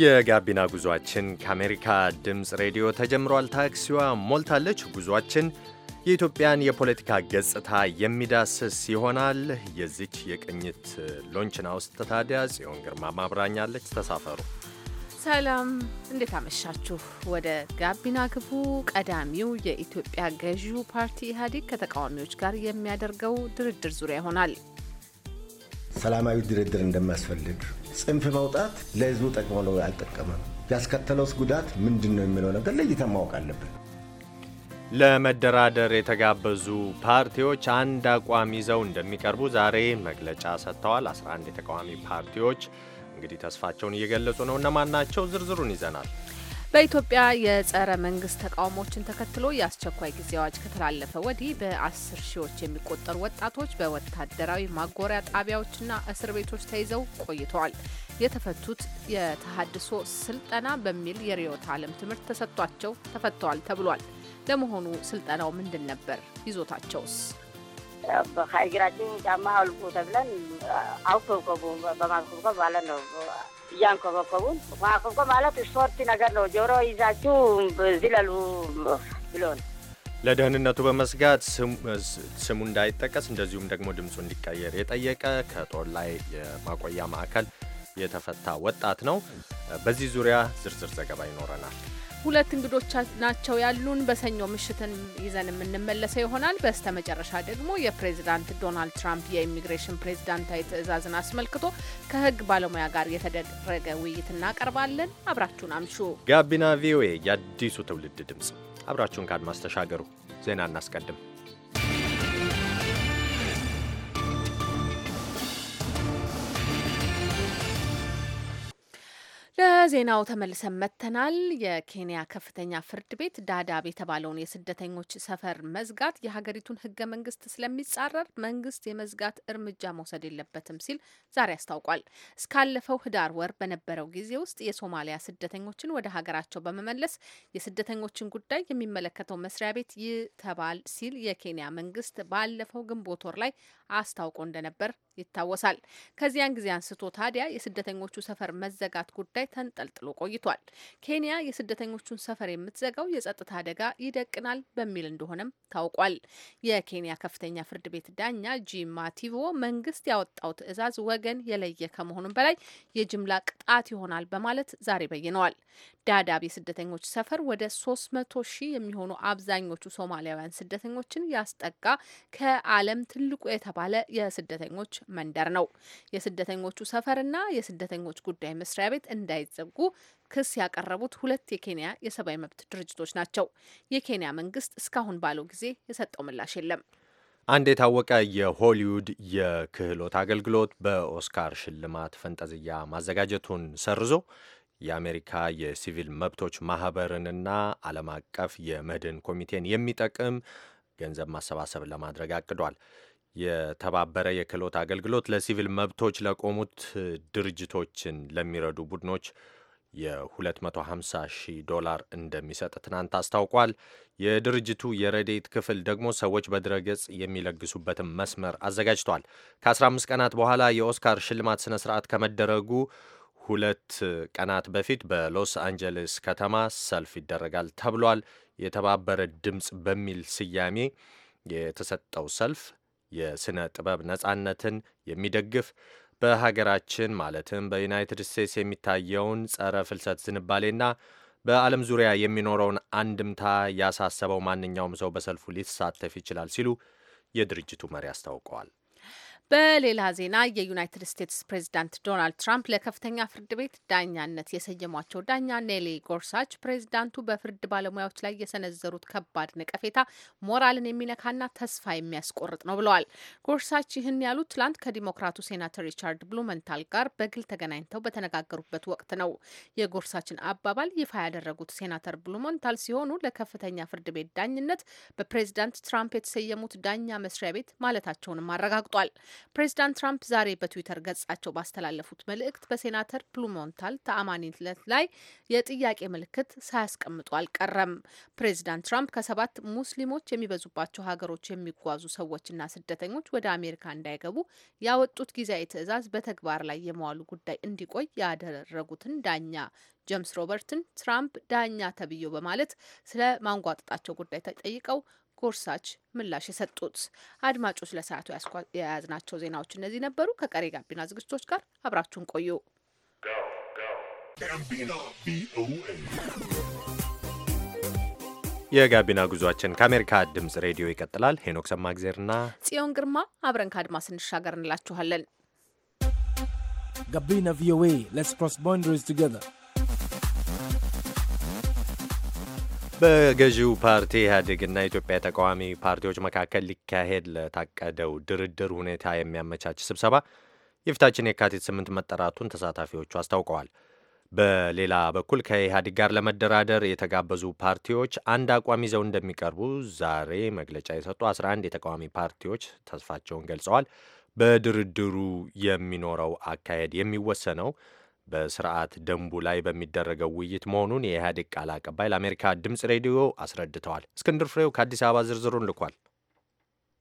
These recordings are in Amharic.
የጋቢና ጉዟችን ከአሜሪካ ድምፅ ሬዲዮ ተጀምሯል። ታክሲዋ ሞልታለች። ጉዟችን የኢትዮጵያን የፖለቲካ ገጽታ የሚዳስስ ይሆናል። የዚች የቅኝት ሎንችና ውስጥ ታዲያ ጽዮን ግርማ ማብራኛለች። ተሳፈሩ። ሰላም፣ እንዴት አመሻችሁ። ወደ ጋቢና ግቡ። ቀዳሚው የኢትዮጵያ ገዢው ፓርቲ ኢህአዴግ ከተቃዋሚዎች ጋር የሚያደርገው ድርድር ዙሪያ ይሆናል። ሰላማዊ ድርድር እንደሚያስፈልግ ጽንፍ መውጣት ለህዝቡ ጠቅሞ ነው አልጠቀመም፣ ያስከተለውስ ጉዳት ምንድን ነው የሚለው ነገር ለይተን ማወቅ አለብን። ለመደራደር የተጋበዙ ፓርቲዎች አንድ አቋም ይዘው እንደሚቀርቡ ዛሬ መግለጫ ሰጥተዋል። 11 የተቃዋሚ ፓርቲዎች እንግዲህ ተስፋቸውን እየገለጹ ነው። እነማን ናቸው? ዝርዝሩን ይዘናል። በኢትዮጵያ የጸረ መንግስት ተቃውሞዎችን ተከትሎ የአስቸኳይ ጊዜ አዋጅ ከተላለፈ ወዲህ በአስር ሺዎች የሚቆጠሩ ወጣቶች በወታደራዊ ማጎሪያ ጣቢያዎችና እስር ቤቶች ተይዘው ቆይተዋል። የተፈቱት የተሃድሶ ስልጠና በሚል የርዕዮተ ዓለም ትምህርት ተሰጥቷቸው ተፈተዋል ተብሏል። ለመሆኑ ስልጠናው ምንድን ነበር? ይዞታቸውስ? ከእግራችን ጫማ አውልቁ ተብለን አውቶ በማኮብኮብ ነው ማለት ስፖርት ነገር ነው። ጆሮ ይዛችሁ ዝለሉ ለደህንነቱ በመስጋት eh, ስሙ እንዳይጠቀስ እንደዚሁም ደግሞ ድምፁ እንዲቀየር የጠየቀ ከጦር ላይ የማቆያ ማዕከል የተፈታ ወጣት ነው። በዚህ ዙሪያ ዝርዝር ዘገባ ይኖረናል። ሁለት እንግዶች ናቸው ያሉን። በሰኞ ምሽትን ይዘን የምንመለሰው ይሆናል። በስተ መጨረሻ ደግሞ የፕሬዚዳንት ዶናልድ ትራምፕ የኢሚግሬሽን ፕሬዚዳንታዊ ትዕዛዝን አስመልክቶ ከህግ ባለሙያ ጋር የተደረገ ውይይት እናቀርባለን። አብራችሁን አምሹ። ጋቢና ቪኦኤ፣ የአዲሱ ትውልድ ድምፅ። አብራችሁን ከአድማስ ተሻገሩ። ዜና እናስቀድም። ለዜናው ተመልሰን መጥተናል። የኬንያ ከፍተኛ ፍርድ ቤት ዳዳብ የተባለውን የስደተኞች ሰፈር መዝጋት የሀገሪቱን ህገ መንግስት ስለሚጻረር መንግስት የመዝጋት እርምጃ መውሰድ የለበትም ሲል ዛሬ አስታውቋል። እስካለፈው ህዳር ወር በነበረው ጊዜ ውስጥ የሶማሊያ ስደተኞችን ወደ ሀገራቸው በመመለስ የስደተኞችን ጉዳይ የሚመለከተው መስሪያ ቤት ይተባል ሲል የኬንያ መንግስት ባለፈው ግንቦት ወር ላይ አስታውቆ እንደነበር ይታወሳል። ከዚያን ጊዜ አንስቶ ታዲያ የስደተኞቹ ሰፈር መዘጋት ጉዳይ ላይ ተንጠልጥሎ ቆይቷል። ኬንያ የስደተኞቹን ሰፈር የምትዘጋው የጸጥታ አደጋ ይደቅናል በሚል እንደሆነም ታውቋል። የኬንያ ከፍተኛ ፍርድ ቤት ዳኛ ጂም ማቲቮ መንግስት ያወጣው ትዕዛዝ ወገን የለየ ከመሆኑም በላይ የጅምላ ቅጣት ይሆናል በማለት ዛሬ በይነዋል። ዳዳብ የስደተኞች ሰፈር ወደ ሶስት መቶ ሺህ የሚሆኑ አብዛኞቹ ሶማሊያውያን ስደተኞችን ያስጠጋ ከዓለም ትልቁ የተባለ የስደተኞች መንደር ነው። የስደተኞቹ ሰፈርና የስደተኞች ጉዳይ መስሪያ ቤት እንደ እንዳይዘጉ ክስ ያቀረቡት ሁለት የኬንያ የሰብአዊ መብት ድርጅቶች ናቸው። የኬንያ መንግስት እስካሁን ባለው ጊዜ የሰጠው ምላሽ የለም። አንድ የታወቀ የሆሊውድ የክህሎት አገልግሎት በኦስካር ሽልማት ፈንጠዝያ ማዘጋጀቱን ሰርዞ የአሜሪካ የሲቪል መብቶች ማህበርንና ዓለም አቀፍ የመድን ኮሚቴን የሚጠቅም ገንዘብ ማሰባሰብ ለማድረግ አቅዷል። የተባበረ የክህሎት አገልግሎት ለሲቪል መብቶች ለቆሙት ድርጅቶችን ለሚረዱ ቡድኖች የ250 ሺህ ዶላር እንደሚሰጥ ትናንት አስታውቋል። የድርጅቱ የረዴት ክፍል ደግሞ ሰዎች በድረገጽ የሚለግሱበትን መስመር አዘጋጅቷል። ከ15 ቀናት በኋላ የኦስካር ሽልማት ስነ ስርዓት ከመደረጉ ሁለት ቀናት በፊት በሎስ አንጀለስ ከተማ ሰልፍ ይደረጋል ተብሏል። የተባበረ ድምፅ በሚል ስያሜ የተሰጠው ሰልፍ የስነ ጥበብ ነጻነትን የሚደግፍ በሀገራችን ማለትም በዩናይትድ ስቴትስ የሚታየውን ጸረ ፍልሰት ዝንባሌና በዓለም ዙሪያ የሚኖረውን አንድምታ ያሳሰበው ማንኛውም ሰው በሰልፉ ሊሳተፍ ይችላል ሲሉ የድርጅቱ መሪ አስታውቀዋል። በሌላ ዜና የዩናይትድ ስቴትስ ፕሬዚዳንት ዶናልድ ትራምፕ ለከፍተኛ ፍርድ ቤት ዳኛነት የሰየሟቸው ዳኛ ኔሊ ጎርሳች ፕሬዚዳንቱ በፍርድ ባለሙያዎች ላይ የሰነዘሩት ከባድ ነቀፌታ ሞራልን የሚነካና ተስፋ የሚያስቆርጥ ነው ብለዋል። ጎርሳች ይህን ያሉት ትላንት ከዲሞክራቱ ሴናተር ሪቻርድ ብሉመንታል ጋር በግል ተገናኝተው በተነጋገሩበት ወቅት ነው። የጎርሳችን አባባል ይፋ ያደረጉት ሴናተር ብሉመንታል ሲሆኑ ለከፍተኛ ፍርድ ቤት ዳኝነት በፕሬዚዳንት ትራምፕ የተሰየሙት ዳኛ መስሪያ ቤት ማለታቸውንም አረጋግጧል። ፕሬዚዳንት ትራምፕ ዛሬ በትዊተር ገጻቸው ባስተላለፉት መልእክት በሴናተር ፕሉሞንታል ተአማኒነት ላይ የጥያቄ ምልክት ሳያስቀምጡ አልቀረም። ፕሬዚዳንት ትራምፕ ከሰባት ሙስሊሞች የሚበዙባቸው ሀገሮች የሚጓዙ ሰዎችና ስደተኞች ወደ አሜሪካ እንዳይገቡ ያወጡት ጊዜያዊ ትዕዛዝ በተግባር ላይ የመዋሉ ጉዳይ እንዲቆይ ያደረጉትን ዳኛ ጀምስ ሮበርትን ትራምፕ ዳኛ ተብዬው በማለት ስለ ማንጓጠጣቸው ጉዳይ ተጠይቀው ጎርሳች ምላሽ የሰጡት። አድማጮች ለሰዓቱ የያዝናቸው ዜናዎች እነዚህ ነበሩ። ከቀሪ ጋቢና ዝግጅቶች ጋር አብራችሁን ቆዩ። የጋቢና ጉዟችን ከአሜሪካ ድምጽ ሬዲዮ ይቀጥላል። ሄኖክ ሰማግዜርና ጽዮን ግርማ አብረን ከአድማስ እንሻገር እንላችኋለን። ጋቢና ቪኦኤ ስ ፕሮስ ቦንደሪስ ቱገር በገዢው ፓርቲ ኢህአዴግና ኢትዮጵያ ተቃዋሚ ፓርቲዎች መካከል ሊካሄድ ለታቀደው ድርድር ሁኔታ የሚያመቻች ስብሰባ የፊታችን የካቲት ስምንት መጠራቱን ተሳታፊዎቹ አስታውቀዋል። በሌላ በኩል ከኢህአዴግ ጋር ለመደራደር የተጋበዙ ፓርቲዎች አንድ አቋም ይዘው እንደሚቀርቡ ዛሬ መግለጫ የሰጡ 11 የተቃዋሚ ፓርቲዎች ተስፋቸውን ገልጸዋል። በድርድሩ የሚኖረው አካሄድ የሚወሰነው በስርዓት ደንቡ ላይ በሚደረገው ውይይት መሆኑን የኢህአዴግ ቃል አቀባይ ለአሜሪካ ድምፅ ሬዲዮ አስረድተዋል። እስክንድር ፍሬው ከአዲስ አበባ ዝርዝሩን ልኳል።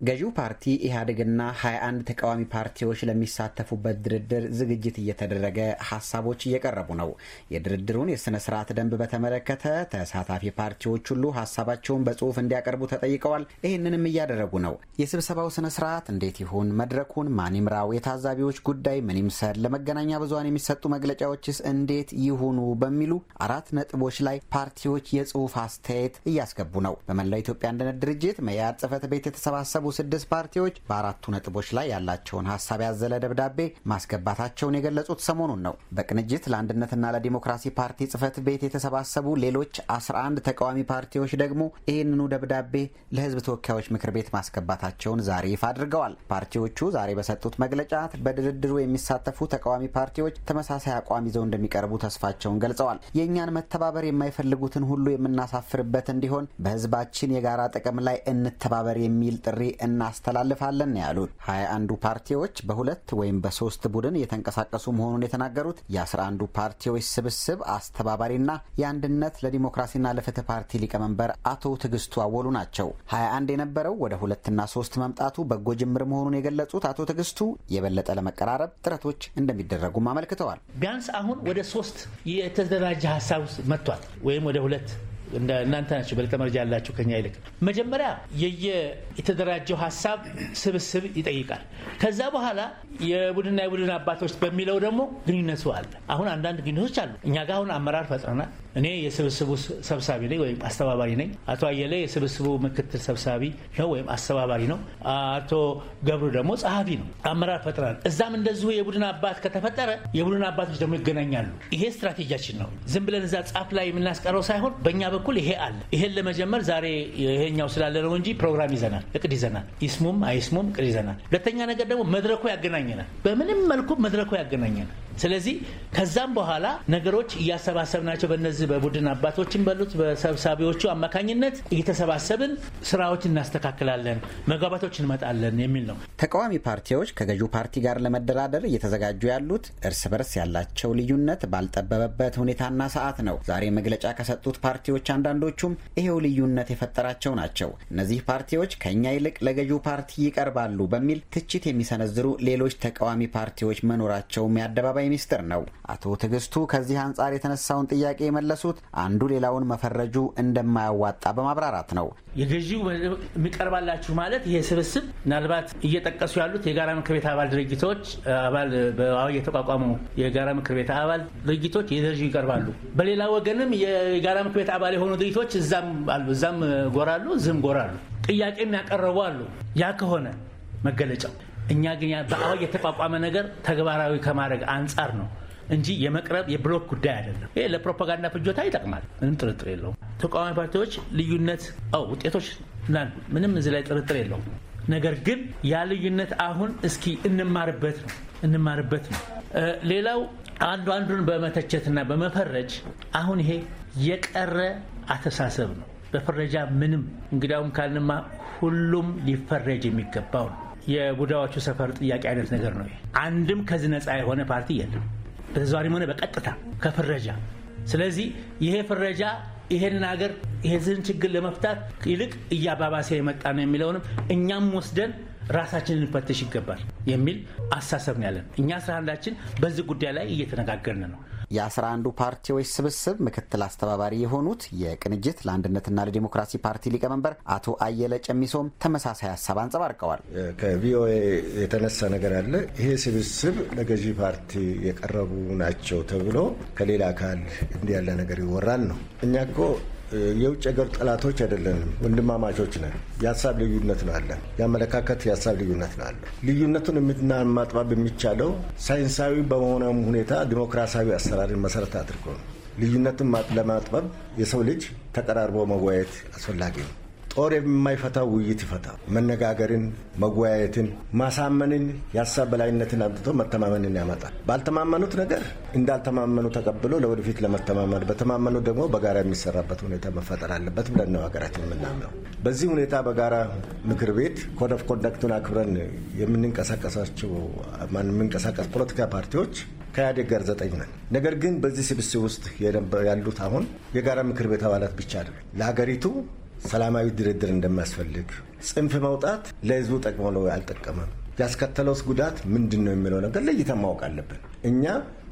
ገዢው ፓርቲ ኢህአዴግና 21 ተቃዋሚ ፓርቲዎች ለሚሳተፉበት ድርድር ዝግጅት እየተደረገ ሀሳቦች እየቀረቡ ነው። የድርድሩን የሥነ ሥርዓት ደንብ በተመለከተ ተሳታፊ ፓርቲዎች ሁሉ ሀሳባቸውን በጽሑፍ እንዲያቀርቡ ተጠይቀዋል። ይህንንም እያደረጉ ነው። የስብሰባው ሥነ ሥርዓት እንዴት ይሁን፣ መድረኩን ማን ይምራው፣ የታዛቢዎች ጉዳይ ምን ይምሰል፣ ለመገናኛ ብዙን የሚሰጡ መግለጫዎችስ እንዴት ይሁኑ በሚሉ አራት ነጥቦች ላይ ፓርቲዎች የጽሑፍ አስተያየት እያስገቡ ነው። በመላው ኢትዮጵያ አንድነት ድርጅት መኢአድ ጽሕፈት ቤት የተሰባሰቡ የቀረቡ ስድስት ፓርቲዎች በአራቱ ነጥቦች ላይ ያላቸውን ሀሳብ ያዘለ ደብዳቤ ማስገባታቸውን የገለጹት ሰሞኑን ነው። በቅንጅት ለአንድነትና ለዲሞክራሲ ፓርቲ ጽህፈት ቤት የተሰባሰቡ ሌሎች 11 ተቃዋሚ ፓርቲዎች ደግሞ ይህንኑ ደብዳቤ ለህዝብ ተወካዮች ምክር ቤት ማስገባታቸውን ዛሬ ይፋ አድርገዋል። ፓርቲዎቹ ዛሬ በሰጡት መግለጫ በድርድሩ የሚሳተፉ ተቃዋሚ ፓርቲዎች ተመሳሳይ አቋም ይዘው እንደሚቀርቡ ተስፋቸውን ገልጸዋል። የእኛን መተባበር የማይፈልጉትን ሁሉ የምናሳፍርበት እንዲሆን በህዝባችን የጋራ ጥቅም ላይ እንተባበር የሚል ጥሪ እናስተላልፋለን ያሉት ሀያ አንዱ ፓርቲዎች በሁለት ወይም በሶስት ቡድን የተንቀሳቀሱ መሆኑን የተናገሩት የአስራ አንዱ ፓርቲዎች ስብስብ አስተባባሪና የአንድነት ለዲሞክራሲና ለፍትህ ፓርቲ ሊቀመንበር አቶ ትግስቱ አወሉ ናቸው። ሀያ አንድ የነበረው ወደ ሁለትና ሶስት መምጣቱ በጎ ጅምር መሆኑን የገለጹት አቶ ትግስቱ የበለጠ ለመቀራረብ ጥረቶች እንደሚደረጉም አመልክተዋል። ቢያንስ አሁን ወደ ሶስት የተደራጀ ሀሳብ ውስጥ መጥቷል ወይም ወደ ሁለት እናንተ ናቸው በለጠ መረጃ ያላችሁ ከኛ ይልቅ መጀመሪያ የተደራጀው ሀሳብ ስብስብ ይጠይቃል። ከዛ በኋላ የቡድንና የቡድን አባቶች በሚለው ደግሞ ግንኙነቱ አለ። አሁን አንዳንድ ግንኙነቶች አሉ። እኛ ጋር አሁን አመራር ፈጥረናል። እኔ የስብስቡ ሰብሳቢ ነኝ ወይም አስተባባሪ ነኝ። አቶ አየለ የስብስቡ ምክትል ሰብሳቢ ነው ወይም አስተባባሪ ነው። አቶ ገብሩ ደግሞ ጸሐፊ ነው። አመራር ፈጥረናል። እዛም እንደዚሁ የቡድን አባት ከተፈጠረ የቡድን አባቶች ደግሞ ይገናኛሉ። ይሄ ስትራቴጂያችን ነው። ዝም ብለን እዛ ጻፍ ላይ የምናስቀረው ሳይሆን በእኛ በኩል ይሄ አለ። ይሄን ለመጀመር ዛሬ ይሄኛው ስላለ ነው እንጂ ፕሮግራም ይዘናል፣ እቅድ ይዘናል። ይስሙም አይስሙም እቅድ ይዘናል። ሁለተኛ ነገር ደግሞ መድረኩ ያገናኘናል። በምንም መልኩ መድረኩ ያገናኘናል። ስለዚህ ከዛም በኋላ ነገሮች እያሰባሰብናቸው በነዚህ በቡድን አባቶችን በሉት በሰብሳቢዎቹ አማካኝነት እየተሰባሰብን ስራዎች እናስተካክላለን፣ መግባባቶች እንመጣለን የሚል ነው። ተቃዋሚ ፓርቲዎች ከገዢው ፓርቲ ጋር ለመደራደር እየተዘጋጁ ያሉት እርስ በርስ ያላቸው ልዩነት ባልጠበበበት ሁኔታና ሰዓት ነው። ዛሬ መግለጫ ከሰጡት ፓርቲዎች አንዳንዶቹም ይሄው ልዩነት የፈጠራቸው ናቸው። እነዚህ ፓርቲዎች ከእኛ ይልቅ ለገዢው ፓርቲ ይቀርባሉ በሚል ትችት የሚሰነዝሩ ሌሎች ተቃዋሚ ፓርቲዎች መኖራቸውም የአደባባይ ሚኒስትር ነው። አቶ ትዕግስቱ ከዚህ አንጻር የተነሳውን ጥያቄ የመለሱት አንዱ ሌላውን መፈረጁ እንደማያዋጣ በማብራራት ነው። የገዢው የሚቀርባላችሁ ማለት ይሄ ስብስብ ምናልባት እየጠቀሱ ያሉት የጋራ ምክር ቤት አባል ድርጅቶች አባል የጋራ ምክር ቤት አባል ድርጅቶች የገዢው ይቀርባሉ። በሌላ ወገንም የጋራ ምክር ቤት አባል የሆኑ ድርጅቶች እዛም አሉ፣ እዛም ጎራሉ፣ ዝም ጎራሉ ጥያቄም ያቀረቡ አሉ። ያ ከሆነ መገለጫው እኛ ግን በአዋጅ የተቋቋመ ነገር ተግባራዊ ከማድረግ አንጻር ነው እንጂ የመቅረብ የብሎክ ጉዳይ አይደለም። ይሄ ለፕሮፓጋንዳ ፍጆታ ይጠቅማል፣ ምንም ጥርጥር የለውም። ተቃዋሚ ፓርቲዎች ልዩነት ውጤቶች ምንም እዚህ ላይ ጥርጥር የለውም። ነገር ግን ያ ልዩነት አሁን እስኪ እንማርበት ነው እንማርበት ነው። ሌላው አንዱ አንዱን በመተቸትና በመፈረጅ አሁን ይሄ የቀረ አተሳሰብ ነው። በፈረጃ ምንም እንግዲያውም ካልንማ ሁሉም ሊፈረጅ የሚገባው ነው። የቡዳዎቹ ሰፈር ጥያቄ አይነት ነገር ነው። አንድም ከዚህ ነፃ የሆነ ፓርቲ የለም፣ በተዘዋሪም ሆነ በቀጥታ ከፍረጃ። ስለዚህ ይሄ ፍረጃ ይሄንን ሀገር የዚህን ችግር ለመፍታት ይልቅ እያባባሰ የመጣ ነው የሚለውንም እኛም ወስደን ራሳችን ልንፈትሽ ይገባል የሚል አሳሰብ ነው ያለን። እኛ ስራ አንዳችን በዚህ ጉዳይ ላይ እየተነጋገርን ነው። የአስራ አንዱ ፓርቲዎች ስብስብ ምክትል አስተባባሪ የሆኑት የቅንጅት ለአንድነትና ለዲሞክራሲ ፓርቲ ሊቀመንበር አቶ አየለ ጨሚሶም ተመሳሳይ ሀሳብ አንጸባርቀዋል። ከቪኦኤ የተነሳ ነገር አለ። ይሄ ስብስብ ለገዢ ፓርቲ የቀረቡ ናቸው ተብሎ ከሌላ አካል እንዲህ ያለ ነገር ይወራል ነው እኛ እኮ የውጭ ሀገር ጠላቶች አይደለንም፣ ወንድማማቾች ነን። የሀሳብ ልዩነት ነው አለ፣ የአመለካከት የሀሳብ ልዩነት ነው አለ። ልዩነቱን የምትና ማጥባብ የሚቻለው ሳይንሳዊ በመሆነም ሁኔታ ዲሞክራሲያዊ አሰራርን መሰረት አድርጎ ነው። ልዩነትን ለማጥበብ የሰው ልጅ ተቀራርቦ መወያየት አስፈላጊ ነው። ጦር የማይፈታው ውይይት ይፈታል። መነጋገርን፣ መወያየትን፣ ማሳመንን የሀሳብ በላይነትን አምጥቶ መተማመንን ያመጣል። ባልተማመኑት ነገር እንዳልተማመኑ ተቀብሎ ለወደፊት ለመተማመን፣ በተማመኑ ደግሞ በጋራ የሚሰራበት ሁኔታ መፈጠር አለበት ብለን ነው ሀገራችን የምናምነው። በዚህ ሁኔታ በጋራ ምክር ቤት ኮድ ኦፍ ኮንዳክቱን አክብረን የምንንቀሳቀሳቸው የምንንቀሳቀስ ፖለቲካ ፓርቲዎች ከኢህአዴግ ጋር ዘጠኝ ነን። ነገር ግን በዚህ ስብስብ ውስጥ ያሉት አሁን የጋራ ምክር ቤት አባላት ብቻ አይደሉም ለሀገሪቱ ሰላማዊ ድርድር እንደሚያስፈልግ ጽንፍ መውጣት ለህዝቡ ጠቅሞ ነው አልጠቀመም፣ ያስከተለውስ ጉዳት ምንድን ነው የሚለው ነገር ለይተን ማወቅ አለብን። እኛ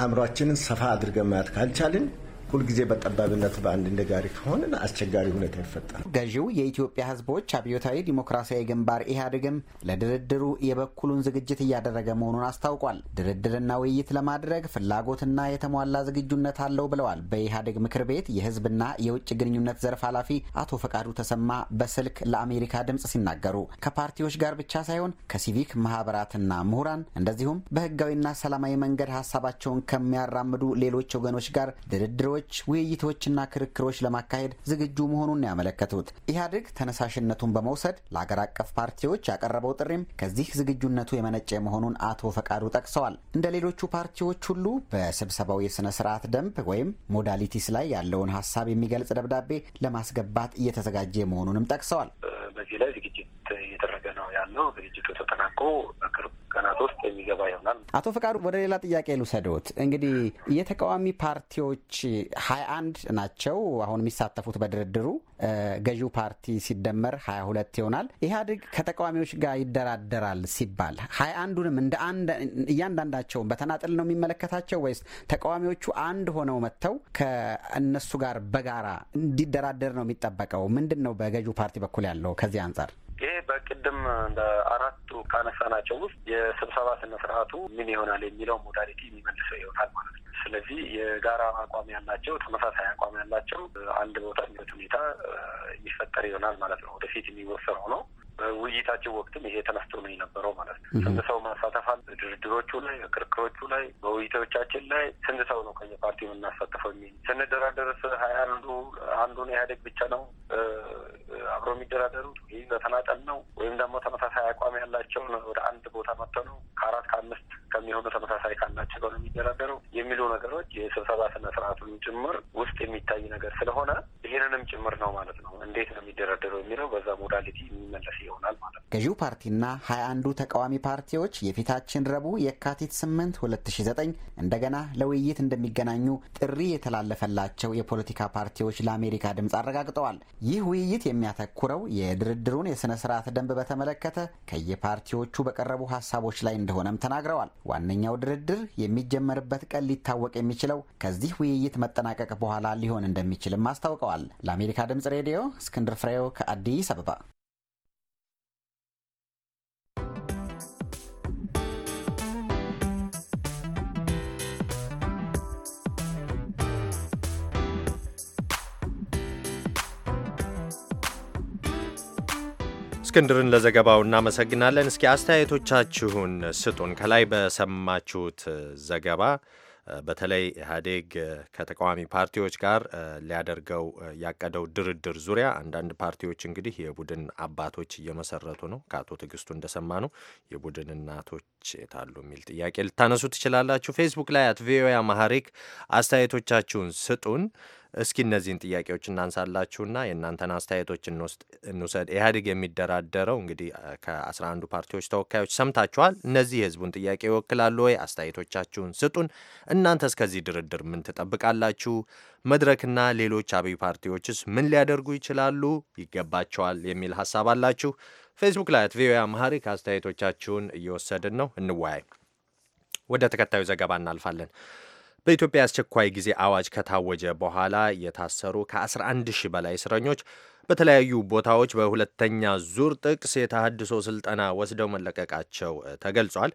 አእምሯችንን ሰፋ አድርገን ማየት ካልቻልን ሁልጊዜ በጠባብነት በአንድ እንደ ጋሪ ከሆንን አስቸጋሪ ሁኔታ ይፈጠራል። ገዢው የኢትዮጵያ ሕዝቦች አብዮታዊ ዲሞክራሲያዊ ግንባር ኢህአዴግም ለድርድሩ የበኩሉን ዝግጅት እያደረገ መሆኑን አስታውቋል። ድርድርና ውይይት ለማድረግ ፍላጎትና የተሟላ ዝግጁነት አለው ብለዋል በኢህአዴግ ምክር ቤት የህዝብና የውጭ ግንኙነት ዘርፍ ኃላፊ አቶ ፈቃዱ ተሰማ በስልክ ለአሜሪካ ድምጽ ሲናገሩ ከፓርቲዎች ጋር ብቻ ሳይሆን ከሲቪክ ማህበራትና ምሁራን እንደዚሁም በህጋዊና ሰላማዊ መንገድ ሀሳባቸውን ከሚያራምዱ ሌሎች ወገኖች ጋር ድርድሮች ጉዳዮች ውይይቶችና ክርክሮች ለማካሄድ ዝግጁ መሆኑን ያመለከቱት ኢህአዴግ ተነሳሽነቱን በመውሰድ ለአገር አቀፍ ፓርቲዎች ያቀረበው ጥሪም ከዚህ ዝግጁነቱ የመነጨ መሆኑን አቶ ፈቃዱ ጠቅሰዋል። እንደ ሌሎቹ ፓርቲዎች ሁሉ በስብሰባው የሥነ ስርዓት ደንብ ወይም ሞዳሊቲስ ላይ ያለውን ሀሳብ የሚገልጽ ደብዳቤ ለማስገባት እየተዘጋጀ መሆኑንም ጠቅሰዋል። በዚህ ላይ ዝግጅት እየተደረገ ያለው ዝግጅቱ ተጠናቆ በቅርብ ቀናት ውስጥ የሚገባ ይሆናል። አቶ ፈቃዱ ወደ ሌላ ጥያቄ ልውሰድዎት። እንግዲህ የተቃዋሚ ፓርቲዎች ሀያ አንድ ናቸው አሁን የሚሳተፉት በድርድሩ ገዢው ፓርቲ ሲደመር ሀያ ሁለት ይሆናል። ኢህአዴግ ከተቃዋሚዎች ጋር ይደራደራል ሲባል ሀያ አንዱንም እንደ አንድ እያንዳንዳቸውን በተናጠል ነው የሚመለከታቸው ወይስ ተቃዋሚዎቹ አንድ ሆነው መጥተው ከእነሱ ጋር በጋራ እንዲደራደር ነው የሚጠበቀው? ምንድን ነው በገዢው ፓርቲ በኩል ያለው ከዚህ አንጻር ይሄ በቅድም እንደ አራቱ ካነሳናቸው ውስጥ የስብሰባ ስነ ስርዓቱ ምን ይሆናል የሚለው ሞዳሊቲ የሚመልሰው ይሆናል ማለት ነው። ስለዚህ የጋራ አቋም ያላቸው ተመሳሳይ አቋም ያላቸው አንድ ቦታ ሁኔታ የሚፈጠር ይሆናል ማለት ነው። ወደፊት የሚወሰን ነው። በውይይታችን ወቅትም ይሄ ተነስቶ ነው የነበረው ማለት ነው። ስንት ሰው ማሳተፋል ድርድሮቹ ላይ ክርክሮቹ ላይ በውይይቶቻችን ላይ ስንት ሰው ነው ከየፓርቲው የምናሳተፈው የሚል ስንደራደርስ ሀያ አንዱ አንዱን ኢህአዴግ ብቻ ነው አብሮ የሚደራደሩት ይህ በተናጠል ነው ወይም ደግሞ ተመሳሳይ አቋም ያላቸው ወደ አንድ ቦታ መጥተው ነው ከአራት ከአምስት ከሚሆኑ ተመሳሳይ ካላቸው ጋር ነው የሚደራደረው የሚሉ ነገሮች የስብሰባ ስነ ስርዓቱን ጭምር ውስጥ የሚታይ ነገር ስለሆነ ይህንንም ጭምር ነው ማለት ነው እንዴት ነው የሚደራደረው የሚለው በዛ ሞዳሊቲ የሚመለስ ይሆናል ማለት ነው። ገዢው ፓርቲና ሀያ አንዱ ተቃዋሚ ፓርቲዎች የፊታችን ረቡዕ የካቲት ስምንት ሁለት ሺ ዘጠኝ እንደገና ለውይይት እንደሚገናኙ ጥሪ የተላለፈላቸው የፖለቲካ ፓርቲዎች ለአሜሪካ ድምፅ አረጋግጠዋል። ይህ ውይይት የሚያተኩረው የድርድሩን የሥነ ስርዓት ደንብ በተመለከተ ከየፓርቲዎቹ በቀረቡ ሀሳቦች ላይ እንደሆነም ተናግረዋል። ዋነኛው ድርድር የሚጀመርበት ቀን ሊታወቅ የሚችለው ከዚህ ውይይት መጠናቀቅ በኋላ ሊሆን እንደሚችልም አስታውቀዋል። ለአሜሪካ ድምፅ ሬዲዮ እስክንድር ፍሬው ከአዲስ አበባ እስክንድርን ለዘገባው እናመሰግናለን። እስኪ አስተያየቶቻችሁን ስጡን። ከላይ በሰማችሁት ዘገባ በተለይ ኢህአዴግ ከተቃዋሚ ፓርቲዎች ጋር ሊያደርገው ያቀደው ድርድር ዙሪያ አንዳንድ ፓርቲዎች እንግዲህ የቡድን አባቶች እየመሰረቱ ነው። ከአቶ ትዕግስቱ እንደሰማ ነው የቡድን እናቶች የታሉ የሚል ጥያቄ ልታነሱ ትችላላችሁ። ፌስቡክ ላይ አት ቪኦኤ አማሐሪክ አስተያየቶቻችሁን ስጡን። እስኪ እነዚህን ጥያቄዎች እናንሳላችሁና የእናንተን አስተያየቶች እንውሰድ። ኢህአዴግ የሚደራደረው እንግዲህ ከአስራ አንዱ ፓርቲዎች ተወካዮች ሰምታችኋል። እነዚህ የህዝቡን ጥያቄ ይወክላሉ ወይ? አስተያየቶቻችሁን ስጡን። እናንተ እስከዚህ ድርድር ምን ትጠብቃላችሁ? መድረክና ሌሎች አብይ ፓርቲዎችስ ምን ሊያደርጉ ይችላሉ? ይገባቸዋል የሚል ሀሳብ አላችሁ? ፌስቡክ ላይ አት ቪኦኤ አማሪክ አስተያየቶቻችሁን እየወሰድን ነው። እንወያይ። ወደ ተከታዩ ዘገባ እናልፋለን። በኢትዮጵያ አስቸኳይ ጊዜ አዋጅ ከታወጀ በኋላ የታሰሩ ከ11 ሺህ በላይ እስረኞች በተለያዩ ቦታዎች በሁለተኛ ዙር ጥቅስ የተሃድሶ ስልጠና ወስደው መለቀቃቸው ተገልጿል።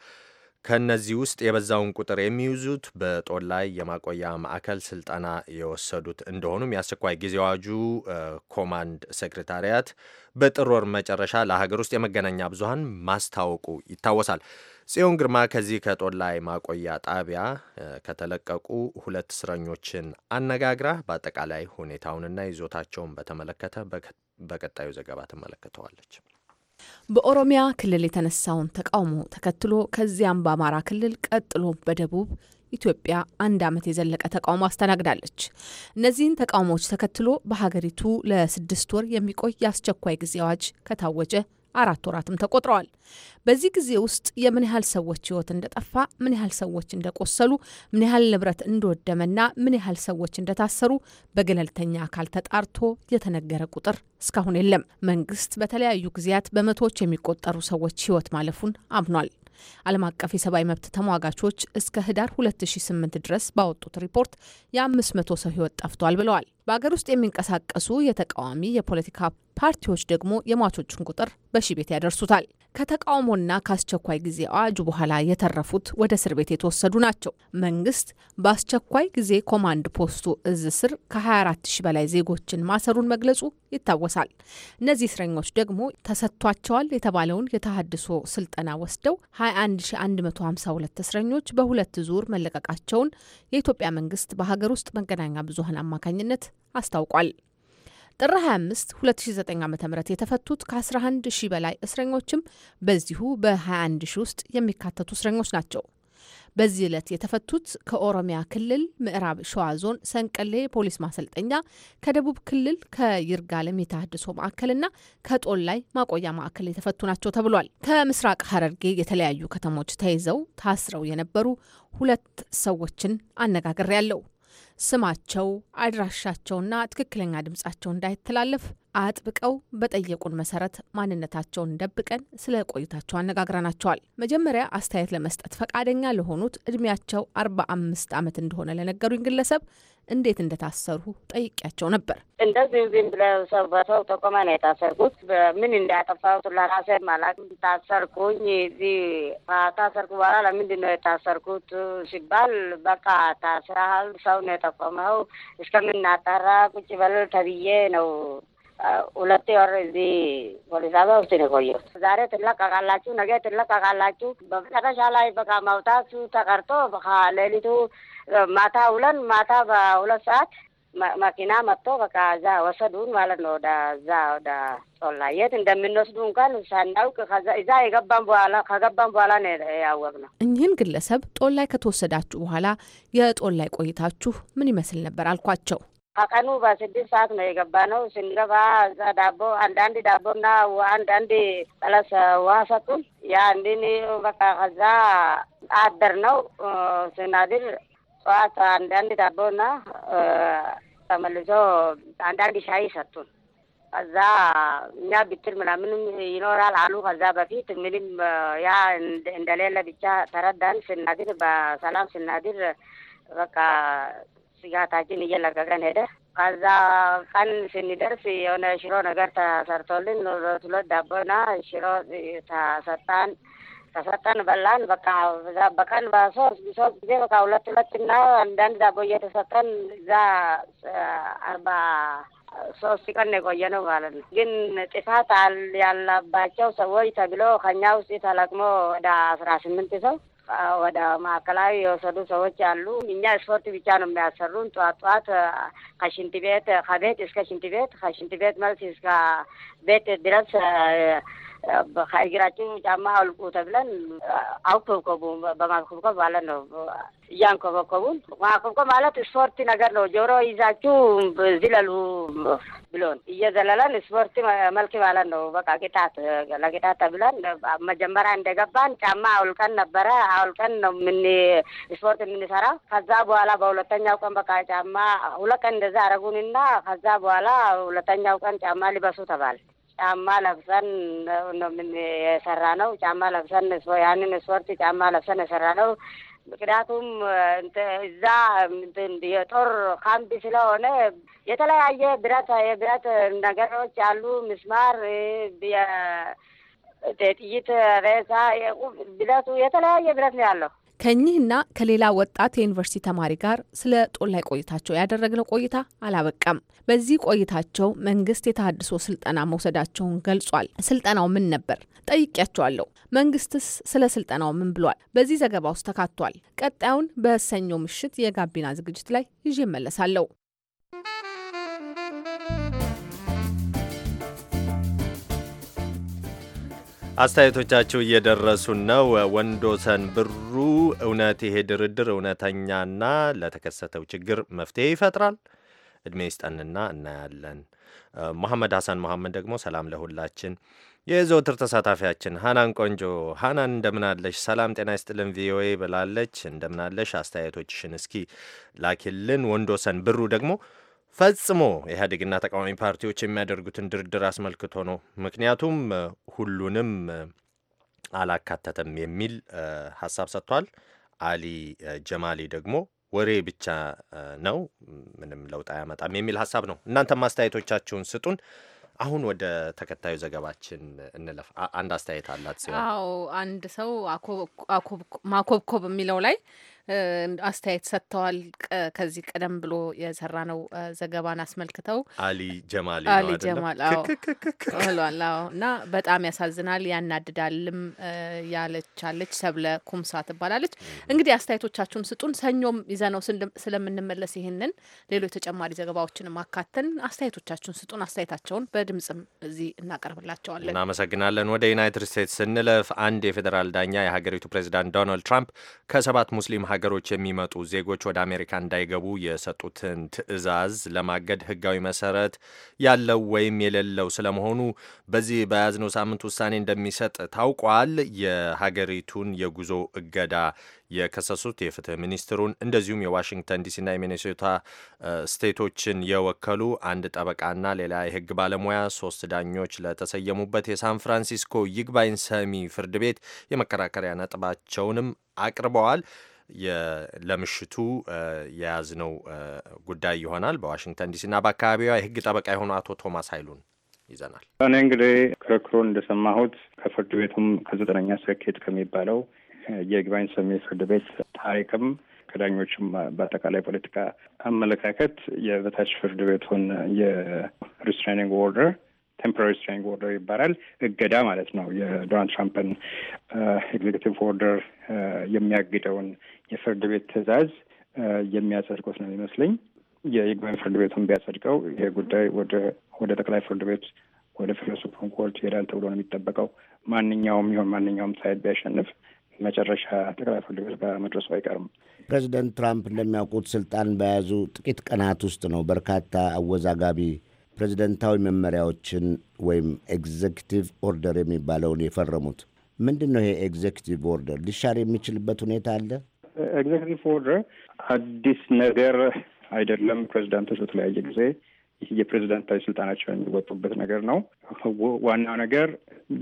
ከእነዚህ ውስጥ የበዛውን ቁጥር የሚይዙት በጦር ላይ የማቆያ ማዕከል ስልጠና የወሰዱት እንደሆኑም የአስቸኳይ ጊዜ አዋጁ ኮማንድ ሴክሬታሪያት በጥር ወር መጨረሻ ለሀገር ውስጥ የመገናኛ ብዙኃን ማስታወቁ ይታወሳል። ጽዮን ግርማ ከዚህ ከጦር ላይ ማቆያ ጣቢያ ከተለቀቁ ሁለት እስረኞችን አነጋግራ በአጠቃላይ ሁኔታውንና ይዞታቸውን በተመለከተ በቀጣዩ ዘገባ ትመለከተዋለች። በኦሮሚያ ክልል የተነሳውን ተቃውሞ ተከትሎ ከዚያም በአማራ ክልል ቀጥሎ በደቡብ ኢትዮጵያ አንድ ዓመት የዘለቀ ተቃውሞ አስተናግዳለች። እነዚህን ተቃውሞዎች ተከትሎ በሀገሪቱ ለስድስት ወር የሚቆይ የአስቸኳይ ጊዜ አዋጅ ከታወጀ አራት ወራትም ተቆጥረዋል። በዚህ ጊዜ ውስጥ የምን ያህል ሰዎች ሕይወት እንደጠፋ፣ ምን ያህል ሰዎች እንደቆሰሉ፣ ምን ያህል ንብረት እንደወደመና ምን ያህል ሰዎች እንደታሰሩ በገለልተኛ አካል ተጣርቶ የተነገረ ቁጥር እስካሁን የለም። መንግስት በተለያዩ ጊዜያት በመቶዎች የሚቆጠሩ ሰዎች ሕይወት ማለፉን አምኗል። ዓለም አቀፍ የሰብአዊ መብት ተሟጋቾች እስከ ህዳር 2008 ድረስ ባወጡት ሪፖርት የ500 ሰው ሕይወት ጠፍቷል ብለዋል። በአገር ውስጥ የሚንቀሳቀሱ የተቃዋሚ የፖለቲካ ፓርቲዎች ደግሞ የሟቾቹን ቁጥር በሺ ቤት ያደርሱታል። ከተቃውሞና ከአስቸኳይ ጊዜ አዋጁ በኋላ የተረፉት ወደ እስር ቤት የተወሰዱ ናቸው። መንግስት በአስቸኳይ ጊዜ ኮማንድ ፖስቱ እዝ ስር ከ24 ሺህ በላይ ዜጎችን ማሰሩን መግለጹ ይታወሳል። እነዚህ እስረኞች ደግሞ ተሰጥቷቸዋል የተባለውን የተሃድሶ ስልጠና ወስደው 21152 እስረኞች በሁለት ዙር መለቀቃቸውን የኢትዮጵያ መንግስት በሀገር ውስጥ መገናኛ ብዙሀን አማካኝነት አስታውቋል። ጥር 25 2009 ዓ ም የተፈቱት ከ11 ሺህ በላይ እስረኞችም በዚሁ በ21 ሺህ ውስጥ የሚካተቱ እስረኞች ናቸው። በዚህ ዕለት የተፈቱት ከኦሮሚያ ክልል ምዕራብ ሸዋ ዞን ሰንቀሌ ፖሊስ ማሰልጠኛ፣ ከደቡብ ክልል ከይርጋለም የተሃድሶ ማዕከልና ላይ ማቆያ ማዕከል የተፈቱ ናቸው ተብሏል። ከምስራቅ ሐረርጌ የተለያዩ ከተሞች ተይዘው ታስረው የነበሩ ሁለት ሰዎችን አነጋግሬ ያለው ስማቸው፣ አድራሻቸውና ትክክለኛ ድምጻቸው እንዳይተላለፍ አጥብቀው በጠየቁን መሰረት ማንነታቸውን ደብቀን ስለ ቆይታቸው አነጋግረናቸዋል። መጀመሪያ አስተያየት ለመስጠት ፈቃደኛ ለሆኑት እድሜያቸው አርባ አምስት ዓመት እንደሆነ ለነገሩኝ ግለሰብ እንዴት እንደታሰሩ ጠይቄያቸው ነበር። እንደዚህ ዝም ብለው ሰው በሰው ተቆመ ነው የታሰርኩት። ምን እንዳያጠፋሁት ለራሴ ማለት ታሰርኩኝ። እዚህ ታሰርኩ በኋላ ለምንድን ነው የታሰርኩት ሲባል በቃ ታስራሃል፣ ሰው ነው የጠቆመው፣ እስከምናጠራ ቁጭ በል ተብዬ ነው ሁለት ወር እዚህ ፖሊስ ጣቢያ ውስጥ ነው የቆየሁት። ዛሬ ትለቀቃላችሁ፣ ነገ ትለቀቃላችሁ። በመጨረሻ ላይ በቃ መውጣቱ ተቀርቶ በቃ ሌሊቱ ማታ ውለን ማታ በሁለት ሰዓት መኪና መጥቶ በቃ እዛ ወሰዱን ማለት ነው። ወደ እዛ ወደ ጦላ የት እንደምንወስዱ እንኳን ሳናውቅ እዛ የገባን በኋላ ከገባን በኋላ ነው ያወቅነው። እኚህን ግለሰብ ጦላይ ከተወሰዳችሁ በኋላ የጦላይ ቆይታችሁ ምን ይመስል ነበር አልኳቸው። ከቀኑ በስድስት ሰዓት ነው የገባ ነው። ስንገባ እዛ ዳቦ አንዳንድ ዳቦና አንዳንድ ጠለስ ውሃ ሰጡን። ያ እንዲን በቃ ከዛ አደር ነው ስናድር ጠዋት አንዳንድ ዳቦና ተመልሶ አንዳንድ ሻይ ሰጡን። ከዛ እኛ ብትል ምናምንም ይኖራል አሉ። ከዛ በፊት ምንም ያ እንደሌለ ብቻ ተረዳን። ስናድር በሰላም ስናድር በቃ ስጋታችን እየለቀቀን ሄደ። ከዛ ቀን ስንደርስ የሆነ ሽሮ ነገር ተሰርቶልን ሁለት ዳቦና ሽሮ ተሰጣን። ተሰጠን በላን። በቃ እዛ በቀን በሶስት ሶስት ጊዜ በቃ ሁለት ሁለት እና አንዳንድ ዳቦ እየተሰጠን እዛ አርባ ሶስት ቀን ነው የቆየ ነው ማለት ነው። ግን ጥፋት ያለባቸው ሰዎች ተብሎ ከኛ ውስጥ ተለቅሞ ወደ አስራ ስምንት ሰው ወደ ማዕከላዊ የወሰዱ ሰዎች አሉ። እኛ ስፖርት ብቻ ነው የሚያሰሩን። ጠዋት ጠዋት ከሽንት ቤት ከቤት እስከ ሽንት ቤት ከሽንት ቤት መልስ እስከ ቤት ድረስ ከእግራችን ጫማ አውልቁ ተብለን አውኮብኮቡ በማኮብኮብ ማለት ነው። እያንኮበኮቡን ማኮብኮብ ማለት ስፖርት ነገር ነው። ጆሮ ይዛችሁ ዝለሉ ብሎን እየዘለለን ስፖርት መልክ ማለት ነው። በቃ ቅጣት ለቅጣት ተብለን መጀመሪያ እንደገባን ጫማ አውልቀን ነበረ። አውልቀን ነው ምን ስፖርት የምንሰራ። ከዛ በኋላ በሁለተኛው ቀን በቃ ጫማ ሁለት ቀን እንደዛ አረጉንና ከዛ በኋላ ሁለተኛው ቀን ጫማ ሊበሱ ተባል ጫማ ለብሰን ምን የሰራ ነው። ጫማ ለብሰን ያንን ስፖርት ጫማ ለብሰን የሰራ ነው። ምክንያቱም እዛ የጦር ካምፕ ስለሆነ የተለያየ ብረት የብረት ነገሮች አሉ። ምስማር፣ ጥይት፣ ሬሳ፣ ብረቱ የተለያየ ብረት ነው ያለው ከእኚህና ከሌላ ወጣት የዩኒቨርሲቲ ተማሪ ጋር ስለ ጦላይ ቆይታቸው ያደረግነው ቆይታ አላበቃም። በዚህ ቆይታቸው መንግስት የተሃድሶ ስልጠና መውሰዳቸውን ገልጿል። ስልጠናው ምን ነበር ጠይቄያቸዋለሁ። መንግስትስ ስለ ስልጠናው ምን ብሏል? በዚህ ዘገባ ውስጥ ተካቷል። ቀጣዩን በሰኞ ምሽት የጋቢና ዝግጅት ላይ ይዤ እመለሳለሁ። አስተያየቶቻችሁ እየደረሱን ነው። ወንዶሰን ብሩ፣ እውነት ይሄ ድርድር እውነተኛና ለተከሰተው ችግር መፍትሄ ይፈጥራል? እድሜ ይስጠንና እናያለን። መሐመድ ሐሰን መሐመድ ደግሞ ሰላም ለሁላችን የዘወትር ተሳታፊያችን ሀናን ቆንጆ ሀናን እንደምናለሽ? ሰላም ጤና ይስጥልን ቪኦኤ ብላለች። እንደምናለሽ? አስተያየቶችሽን እስኪ ላኪልን። ወንዶሰን ብሩ ደግሞ ፈጽሞ ኢህአዴግና ተቃዋሚ ፓርቲዎች የሚያደርጉትን ድርድር አስመልክቶ ነው። ምክንያቱም ሁሉንም አላካተተም የሚል ሀሳብ ሰጥቷል። አሊ ጀማሊ ደግሞ ወሬ ብቻ ነው፣ ምንም ለውጥ አያመጣም የሚል ሀሳብ ነው። እናንተም አስተያየቶቻችሁን ስጡን። አሁን ወደ ተከታዩ ዘገባችን እንለፍ። አንድ አስተያየት አላት ሲሆን አዎ አንድ ሰው ማኮብኮብ የሚለው ላይ አስተያየት ሰጥተዋል። ከዚህ ቀደም ብሎ የሰራነው ዘገባን አስመልክተው አሊ ጀማል አሊ ጀማል እና በጣም ያሳዝናል ያናድዳልም ያለቻለች ሰብለ ኩምሳ ትባላለች። እንግዲህ አስተያየቶቻችሁን ስጡን። ሰኞም ይዘነው ስለምንመለስ ይህንን ሌሎች ተጨማሪ ዘገባዎችን ማካተን አስተያየቶቻችሁን ስጡን። አስተያየታቸውን በድምጽም እዚህ እናቀርብላቸዋለን። እናመሰግናለን። ወደ ዩናይትድ ስቴትስ ስንለፍ አንድ የፌዴራል ዳኛ የሀገሪቱ ፕሬዚዳንት ዶናልድ ትራምፕ ከሰባት ሙስሊም ሀገሮች የሚመጡ ዜጎች ወደ አሜሪካ እንዳይገቡ የሰጡትን ትዕዛዝ ለማገድ ሕጋዊ መሰረት ያለው ወይም የሌለው ስለመሆኑ በዚህ በያዝነው ሳምንት ውሳኔ እንደሚሰጥ ታውቋል። የሀገሪቱን የጉዞ እገዳ የከሰሱት የፍትህ ሚኒስትሩን እንደዚሁም የዋሽንግተን ዲሲና የሚኔሶታ ስቴቶችን የወከሉ አንድ ጠበቃና ሌላ የህግ ባለሙያ ሶስት ዳኞች ለተሰየሙበት የሳን ፍራንሲስኮ ይግባኝ ሰሚ ፍርድ ቤት የመከራከሪያ ነጥባቸውንም አቅርበዋል። ለምሽቱ የያዝነው ጉዳይ ይሆናል። በዋሽንግተን ዲሲና በአካባቢዋ የህግ ጠበቃ የሆኑ አቶ ቶማስ ኃይሉን ይዘናል። እኔ እንግዲህ ክርክሩ እንደሰማሁት ከፍርድ ቤቱም ከዘጠነኛ ስርኬት ከሚባለው የይግባኝ ሰሚ ፍርድ ቤት ታሪክም ከዳኞችም በአጠቃላይ ፖለቲካ አመለካከት የበታች ፍርድ ቤቱን የሪስትሬኒንግ ኦርደር ቴምፖራሪ ስትሪንግ ኦርደር ይባላል። እገዳ ማለት ነው። የዶናልድ ትራምፕን ኤግዜክቲቭ ኦርደር የሚያግደውን የፍርድ ቤት ትዕዛዝ የሚያጸድቁት ነው ይመስለኝ። የይግባኝ ፍርድ ቤቱን ቢያጸድቀው ይሄ ጉዳይ ወደ ጠቅላይ ፍርድ ቤት ወደ ፌደራል ሱፕሪም ኮርት ይሄዳል ተብሎ ነው የሚጠበቀው። ማንኛውም ይሆን ማንኛውም ሳይድ ቢያሸንፍ መጨረሻ ጠቅላይ ፍርድ ቤት ጋር መድረሱ አይቀርም። ፕሬዚደንት ትራምፕ እንደሚያውቁት ስልጣን በያዙ ጥቂት ቀናት ውስጥ ነው በርካታ አወዛጋቢ ፕሬዚደንታዊ መመሪያዎችን ወይም ኤግዜክቲቭ ኦርደር የሚባለውን የፈረሙት። ምንድን ነው ይሄ ኤግዜክቲቭ ኦርደር? ሊሻር የሚችልበት ሁኔታ አለ? ኤግዜክቲቭ ኦርደር አዲስ ነገር አይደለም። ፕሬዚዳንቶች በተለያየ ጊዜ የፕሬዚዳንታዊ ስልጣናቸው የሚወጡበት ነገር ነው። ዋናው ነገር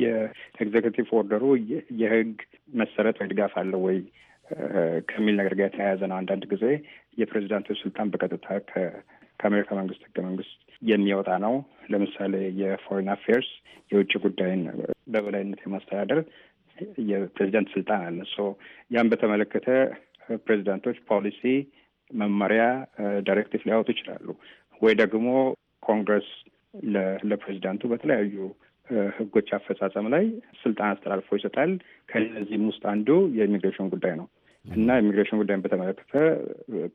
የኤግዜክቲቭ ኦርደሩ የህግ መሰረት ወይ ድጋፍ አለው ወይ ከሚል ነገር ጋር የተያያዘ ነው። አንዳንድ ጊዜ የፕሬዚዳንቶች ስልጣን በቀጥታ ከአሜሪካ መንግስት ህገ መንግስት የሚወጣ ነው። ለምሳሌ የፎሬን አፌርስ የውጭ ጉዳይን በበላይነት የማስተዳደር የፕሬዚዳንት ስልጣን አለ። ሶ ያን በተመለከተ ፕሬዚዳንቶች ፖሊሲ፣ መመሪያ፣ ዳይሬክቲቭ ሊያወጡ ይችላሉ ወይ ደግሞ ኮንግረስ ለፕሬዚዳንቱ በተለያዩ ህጎች አፈጻጸም ላይ ስልጣን አስተላልፎ ይሰጣል። ከነዚህም ውስጥ አንዱ የኢሚግሬሽን ጉዳይ ነው። እና ኢሚግሬሽን ጉዳይን በተመለከተ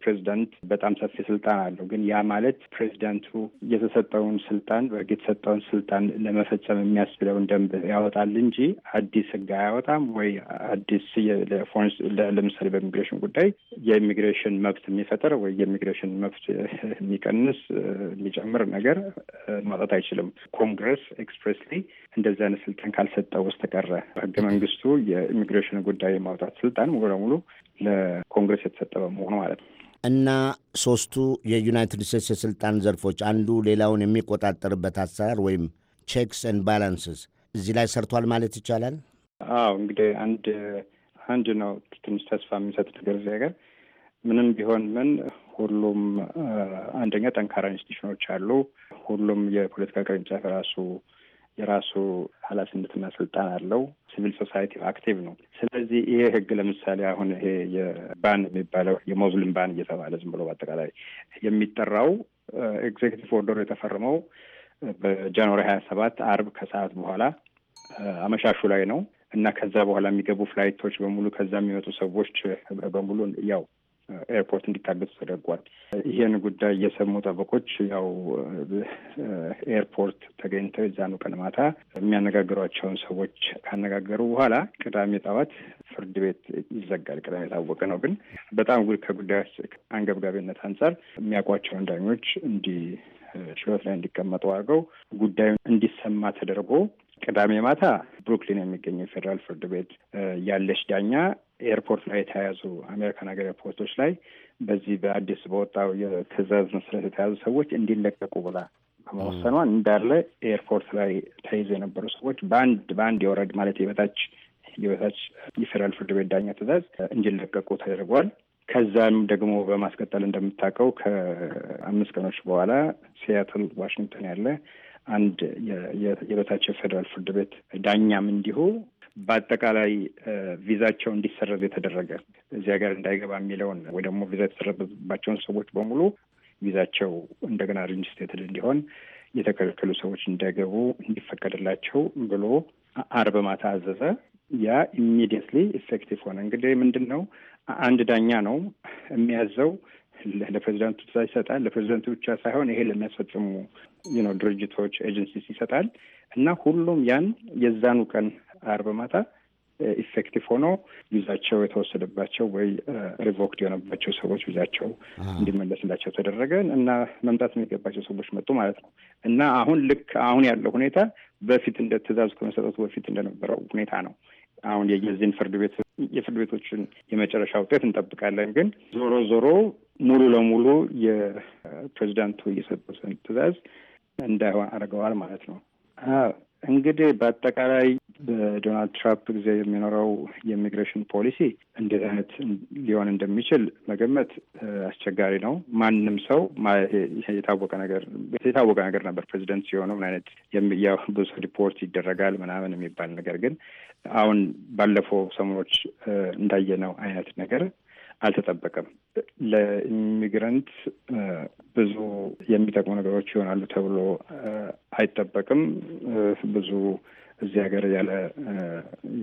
ፕሬዚዳንት በጣም ሰፊ ስልጣን አለው። ግን ያ ማለት ፕሬዚዳንቱ የተሰጠውን ስልጣን የተሰጠውን ስልጣን ለመፈጸም የሚያስችለውን ደንብ ያወጣል እንጂ አዲስ ህግ አያወጣም ወይ አዲስ ለምሳሌ በኢሚግሬሽን ጉዳይ የኢሚግሬሽን መብት የሚፈጠር ወይ የኢሚግሬሽን መብት የሚቀንስ የሚጨምር ነገር ማውጣት አይችልም። ኮንግረስ ኤክስፕሬስሊ እንደዚህ አይነት ስልጣን ካልሰጠው በስተቀረ በህገ መንግስቱ የኢሚግሬሽን ጉዳይ የማውጣት ስልጣን ሙሉ ለሙሉ ለኮንግረስ የተሰጠ በመሆኑ ማለት ነው እና ሶስቱ የዩናይትድ ስቴትስ የስልጣን ዘርፎች አንዱ ሌላውን የሚቆጣጠርበት አሰራር ወይም ቼክስ ኤንድ ባላንስስ እዚህ ላይ ሰርቷል ማለት ይቻላል። አዎ እንግዲህ አንድ አንድ ነው ትንሽ ተስፋ የሚሰጥ ነገር እዚህ ሀገር ምንም ቢሆን ምን ሁሉም አንደኛ ጠንካራ ኢንስቲቱሽኖች አሉ። ሁሉም የፖለቲካ ቅርንጫፍ ራሱ የራሱ ኃላፊነትና ስልጣን አለው። ሲቪል ሶሳይቲ አክቲቭ ነው። ስለዚህ ይሄ ህግ ለምሳሌ አሁን ይሄ የባን የሚባለው የሞዝሊም ባን እየተባለ ዝም ብሎ በአጠቃላይ የሚጠራው ኤግዜክቲቭ ኦርደር የተፈረመው በጃንዋሪ ሀያ ሰባት አርብ ከሰዓት በኋላ አመሻሹ ላይ ነው እና ከዛ በኋላ የሚገቡ ፍላይቶች በሙሉ ከዛ የሚመጡ ሰዎች በሙሉ ያው ኤርፖርት እንዲታገዝ ተደርጓል። ይህን ጉዳይ እየሰሙ ጠበቆች ያው ኤርፖርት ተገኝተው የዛኑ ቀን ማታ የሚያነጋግሯቸውን ሰዎች ካነጋገሩ በኋላ ቅዳሜ ጠዋት ፍርድ ቤት ይዘጋል። ቅዳሜ የታወቀ ነው። ግን በጣም ከጉዳዮች አንገብጋቢነት አንጻር የሚያውቋቸውን ዳኞች እንዲ ችሎት ላይ እንዲቀመጡ አድርገው ጉዳዩን እንዲሰማ ተደርጎ ቅዳሜ ማታ ብሩክሊን የሚገኘው ፌዴራል ፍርድ ቤት ያለች ዳኛ ኤርፖርት ላይ የተያያዙ አሜሪካን ሀገር ኤርፖርቶች ላይ በዚህ በአዲስ በወጣው የትዕዛዝ መሰረት የተያዙ ሰዎች እንዲለቀቁ ብላ ከመወሰኗ እንዳለ ኤርፖርት ላይ ተይዘው የነበሩ ሰዎች በአንድ በአንድ የወረድ ማለት የበታች የበታች የፌዴራል ፍርድ ቤት ዳኛ ትዕዛዝ እንዲለቀቁ ተደርጓል። ከዛም ደግሞ በማስቀጠል እንደምታውቀው ከአምስት ቀኖች በኋላ ሲያትል ዋሽንግተን ያለ አንድ የበታች የፌዴራል ፍርድ ቤት ዳኛም እንዲሁ በአጠቃላይ ቪዛቸው እንዲሰረዝ የተደረገ እዚህ ሀገር እንዳይገባ የሚለውን ወይ ደግሞ ቪዛ የተሰረዘባቸውን ሰዎች በሙሉ ቪዛቸው እንደገና ሬጅስትሬትድ እንዲሆን የተከለከሉ ሰዎች እንዳይገቡ እንዲፈቀድላቸው ብሎ አርብ ማታ አዘዘ። ያ ኢሚዲየትሊ ኢፌክቲቭ ሆነ። እንግዲህ ምንድን ነው አንድ ዳኛ ነው የሚያዘው ለፕሬዚዳንቱ ትዕዛዝ ይሰጣል። ለፕሬዚዳንቱ ብቻ ሳይሆን ይሄ ለሚያስፈጽሙ ድርጅቶች ኤጀንሲስ ይሰጣል እና ሁሉም ያን የዛኑ ቀን አርብ ማታ ኢፌክቲቭ ሆኖ ቪዛቸው የተወሰደባቸው ወይ ሪቮክድ የሆነባቸው ሰዎች ቪዛቸው እንዲመለስላቸው ተደረገ እና መምጣት የሚገባቸው ሰዎች መጡ ማለት ነው። እና አሁን ልክ አሁን ያለው ሁኔታ በፊት እንደ ትእዛዙ ከመሰጠቱ በፊት እንደነበረው ሁኔታ ነው። አሁን የዚህን ፍርድ ቤት የፍርድ ቤቶችን የመጨረሻ ውጤት እንጠብቃለን። ግን ዞሮ ዞሮ ሙሉ ለሙሉ የፕሬዚዳንቱ እየሰጡትን ትእዛዝ እንዳይሆን አድርገዋል ማለት ነው። እንግዲህ በአጠቃላይ በዶናልድ ትራምፕ ጊዜ የሚኖረው የኢሚግሬሽን ፖሊሲ እንዴት አይነት ሊሆን እንደሚችል መገመት አስቸጋሪ ነው። ማንም ሰው የታወቀ ነገር የታወቀ ነገር ነበር ፕሬዚደንት ሲሆኑ ምን አይነት ብዙ ሪፖርት ይደረጋል ምናምን የሚባል ነገር ግን አሁን ባለፈው ሰሞኖች እንዳየነው አይነት ነገር አልተጠበቀም። ለኢሚግራንት የሚጠቅሙ ነገሮች ይሆናሉ ተብሎ አይጠበቅም። ብዙ እዚህ ሀገር ያለ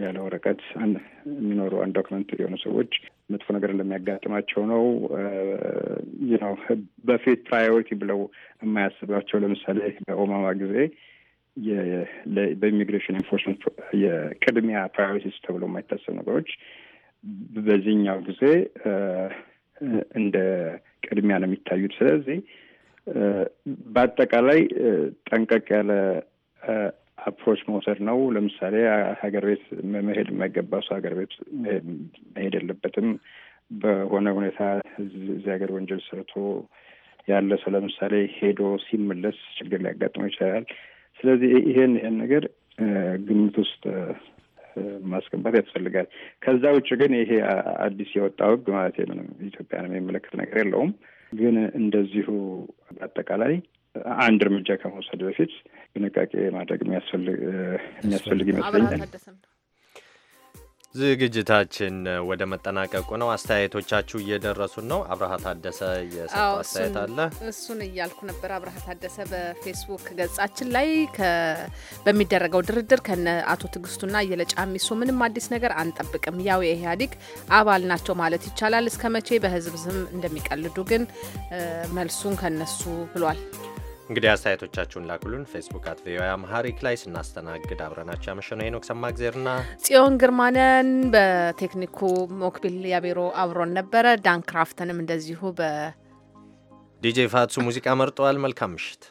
ያለ ወረቀት የሚኖሩ አንድ ዶክመንት የሆኑ ሰዎች መጥፎ ነገር እንደሚያጋጥማቸው ነው ነው በፊት ፕራዮሪቲ ብለው የማያስባቸው ለምሳሌ በኦባማ ጊዜ በኢሚግሬሽን ኢንፎርስመንት የቅድሚያ ፕራዮሪቲስ ተብሎ የማይታሰብ ነገሮች በዚህኛው ጊዜ እንደ ቅድሚያ ነው የሚታዩት። ስለዚህ በአጠቃላይ ጠንቀቅ ያለ አፕሮች መውሰድ ነው። ለምሳሌ ሀገር ቤት መሄድ የማይገባ ሰው ሀገር ቤት መሄድ የለበትም። በሆነ ሁኔታ እዚህ ሀገር ወንጀል ሰርቶ ያለ ሰው ለምሳሌ ሄዶ ሲመለስ ችግር ሊያጋጥመው ይችላል። ስለዚህ ይሄን ይሄን ነገር ግምት ውስጥ ማስገባት ያስፈልጋል። ከዛ ውጭ ግን ይሄ አዲስ የወጣው ህግ ማለት ነው ኢትዮጵያን የሚመለከት ነገር የለውም። ግን እንደዚሁ በአጠቃላይ አንድ እርምጃ ከመውሰድ በፊት ጥንቃቄ ማድረግ የሚያስፈልግ ይመስለኛል። ዝግጅታችን ወደ መጠናቀቁ ነው። አስተያየቶቻችሁ እየደረሱን ነው። አብርሃ ታደሰ የሰጠው አስተያየት አለ። እሱን እያልኩ ነበር። አብርሃ ታደሰ በፌስቡክ ገጻችን ላይ በሚደረገው ድርድር ከነ አቶ ትግስቱና እየለጫሚሱ ምንም አዲስ ነገር አንጠብቅም፣ ያው የኢህአዴግ አባል ናቸው ማለት ይቻላል። እስከ መቼ በህዝብ ስም እንደሚቀልዱ ግን መልሱን ከነሱ ብሏል። እንግዲህ አስተያየቶቻችሁን ላኩሉን። ፌስቡክ አት ቪኦኤ አምሃሪክ ላይ ስናስተናግድ አብረናቸው ያመሸነው ሄኖክ ሰማእግዜርና ጽዮን ግርማነን፣ በቴክኒኩ ሞክቢል ያቤሮ አብሮን ነበረ። ዳንክራፍተንም እንደዚሁ በዲጄ ፋትሱ ሙዚቃ መርጠዋል። መልካም ምሽት።